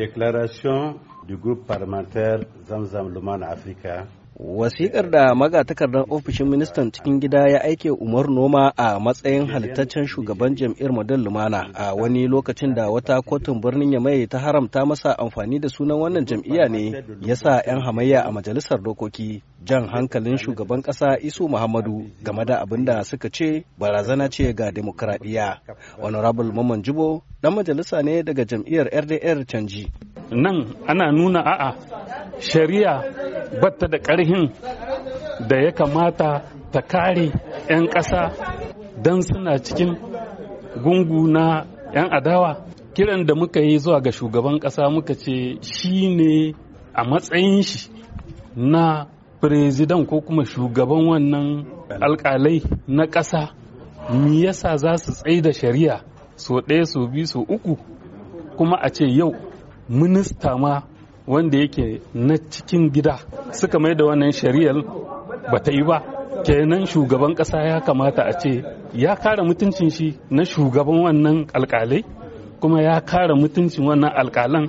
déclaration du groupe parlementaire Zamzam Luman Africa Wasikar da magatakardar ofishin ministan cikin gida ya aike Umar Noma a matsayin halittaccen shugaban jam'iyyar Model Lumana a wani lokacin da wata kotun birnin ya mai ta haramta masa amfani da sunan wannan jam'iyya ne ya sa 'yan hamayya a majalisar dokoki jan hankalin shugaban ƙasa Isu Muhammadu game da abin da suka ce barazana ce ga demokuraɗiyya. Honorable Maman Jibo dan majalisa ne daga jam'iyyar RDR canji. Nan ana nuna a'a shari'a batta da ƙarhin da ya kamata ta kare 'yan ƙasa don suna cikin gungu na 'yan adawa kiran da muka yi zuwa ga shugaban ƙasa muka ce shi ne a matsayin shi na firizidan ko kuma shugaban wannan alƙalai na ƙasa mi yasa za su tsaye da shari'a so ɗaya so biyu so uku kuma a ce yau minista ma wanda yake na cikin gida suka mai da wannan shari'ar ba ta yi ba kenan shugaban ƙasa ya kamata a ce ya kare mutuncin shi na shugaban wannan alkalai kuma ya kare mutuncin wannan alkalan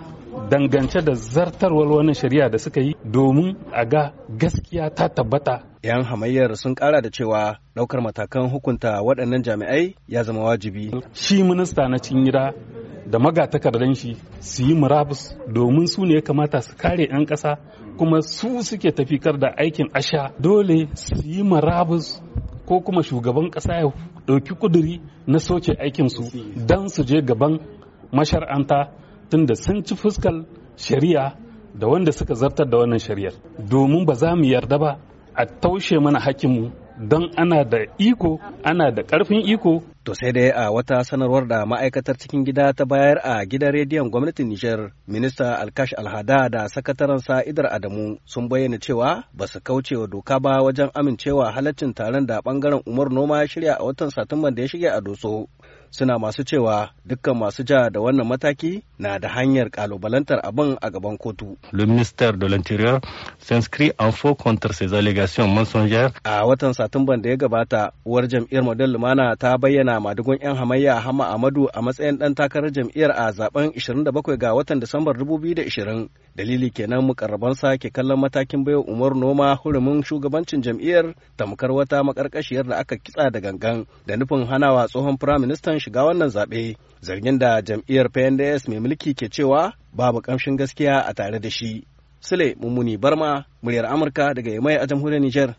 dangance da zartarwar wannan shari'a da suka yi domin a ga gaskiya ta tabbata 'yan hamayyar sun kara da cewa ɗaukar matakan hukunta waɗannan jami'ai ya zama wajibi shi minista na cikin gida da magatakardan shi su yi murabus domin su ne ya kamata su kare 'yan ƙasa kuma su suke tafikar da aikin asha dole su yi murabus ko kuma shugaban ƙasa ya ɗauki kuduri na soke aikinsu don su je gaban mashar'anta tunda sun ci fuskal shari'a da wanda suka zartar da wannan shari'ar domin ba za mu yarda ba a taushe mana hakinmu don ana da iko ana da ƙarfin iko To sai dai a wata sanarwar da ma'aikatar cikin gida ta bayar a gidan rediyon gwamnatin Nijar, minista Alkash Alhada da sakatarensa Idar Adamu sun bayyana cewa ba su kauce wa doka ba wajen amincewa halaccin taron da bangaren Umar Noma ya shirya a watan Satumban da ya shige a Doso. suna masu cewa dukkan masu ja da wannan mataki na da hanyar kalubalantar abin a gaban kotu. Le ministère de l'Intérieur s'inscrit en faux contre ces allégations mensongères. A watan Satumban da ya gabata, uwar jam'iyyar Model Lumana ta bayyana madugun 'yan hamayya Hama Amadu a matsayin ɗan takarar jam'iyyar a zaben 27 ga watan Disambar 2020. Dalili kenan mukarrabansa ke kallon matakin bayo Umar Noma hurumin shugabancin jam'iyyar tamkar wata makarkashiyar da aka kitsa da gangan da nufin hanawa tsohon firaministan shiga wannan zaɓe zargin da jam'iyyar PNDS mai mulki ke cewa babu ƙamshin gaskiya a tare da shi. Sule Mummuni Barma, muryar Amurka daga Yamai a jamhuriyar Nijar.